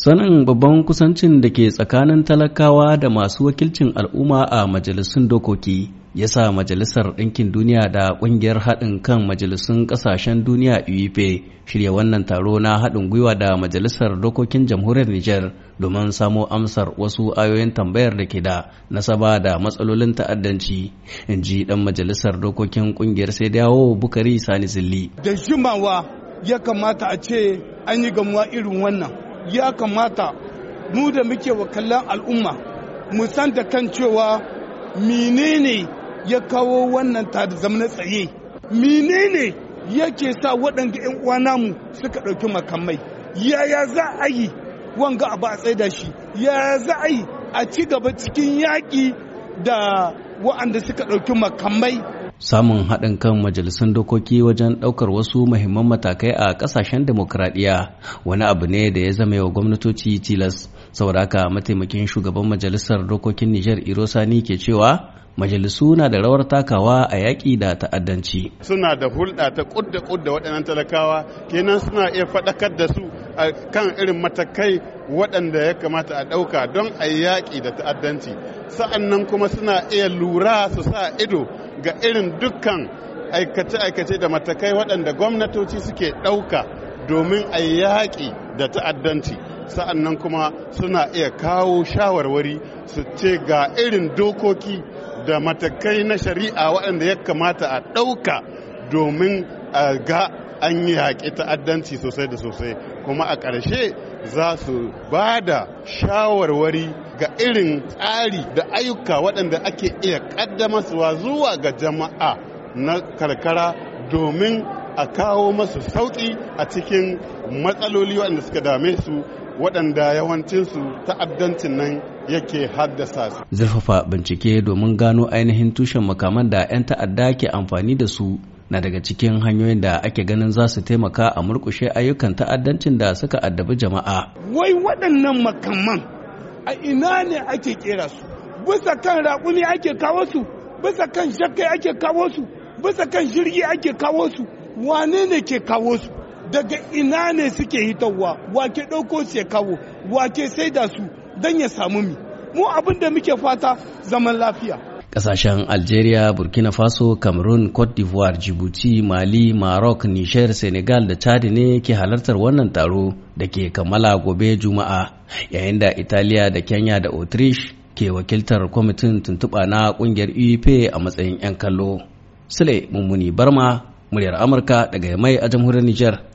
Sanin babban kusancin da ke tsakanin talakawa da masu wakilcin al'umma a majalisun dokoki ya sa Majalisar Ɗinkin Duniya da Ƙungiyar Haɗin kan Majalisun Ƙasashen Duniya UEP shirya wannan taro na haɗin gwiwa da Majalisar Dokokin Jamhuriyar Nijar domin samo amsar wasu ayoyin tambayar da ke da nasaba da matsalolin ta'addanci, in ji ɗan Majalisar Dokokin Ƙungiyar Sai Dawo Bukari Sani Zilli. Da jimawa ya kamata a ce an yi gamuwa irin wannan. ya kamata mu da muke wakilan al'umma mu san da kan cewa menene ya kawo wannan da zamana tsaye menene yake sa waɗanda 'yan uwa namu suka ɗauki makamai yaya za a yi wanga abu a tsaida shi yaya za a yi a ci gaba cikin yaƙi da waɗanda suka ɗauki makamai samun haɗin kan majalisun dokoki wajen ɗaukar wasu muhimman matakai a ƙasashen demokradiyya wani abu ne da ya zama wa gwamnatoci tilas saboda haka mataimakin shugaban majalisar dokokin nijar irosani ke cewa majalisu na da rawar takawa a yaƙi da ta'addanci suna da hulɗa ta ƙudda-ƙudda waɗannan talakawa kenan suna iya faɗakar da su a kan irin matakai waɗanda ya kamata a ɗauka don a yaƙi da ta'addanci sa'annan kuma suna iya lura su sa ido ga irin dukkan aikace-aikace da matakai waɗanda gwamnatoci suke ɗauka domin a yaƙi da ta'addanci sa'an nan kuma suna iya kawo shawarwari su ce ga irin dokoki da matakai na shari'a waɗanda ya kamata a ɗauka domin a ga an yi yaƙi ta'addanci sosai da sosai kuma a ƙarshe za su ba da shawarwari ga irin tsari da ayyuka waɗanda ake iya ƙaddamarsuwa zuwa ga jama'a na karkara domin a kawo masu sauƙi a cikin matsaloli waɗanda suka dame su waɗanda yawancinsu ta'addancin nan yake haddasa su. Zurfafa bincike domin gano ainihin tushen makaman da 'yan ta'adda ke amfani da su na daga cikin hanyoyin da ake ganin za su taimaka a murkushe ayyukan ta'addancin da suka addabi jama'a. Wai waɗannan makamman a ina ne ake kera su? Bisa kan raƙumi ake kawo su, bisa kan shakkai ake kawo su, bisa kan jirgi ake kawo su, wane ne ke kawo su? Daga ina ne suke hitowa, wake ɗauko su ya kawo, wake sai da su don ya samu mi. Mu abin da muke fata zaman lafiya. Ƙasashen Algeria, Burkina Faso, Cameroon, Cote d'Ivoire, Djibouti, Mali, Maroc, Niger, Senegal da Chad ne ke halartar wannan taro da ke kammala gobe Juma'a, yayin da Italiya da Kenya da Autriche ke wakiltar kwamitin tuntuɓa na ƙungiyar UEP a matsayin 'yan kallo. Sule Mummuni Barma, muryar Amurka daga mai a jamhuriyar Niger.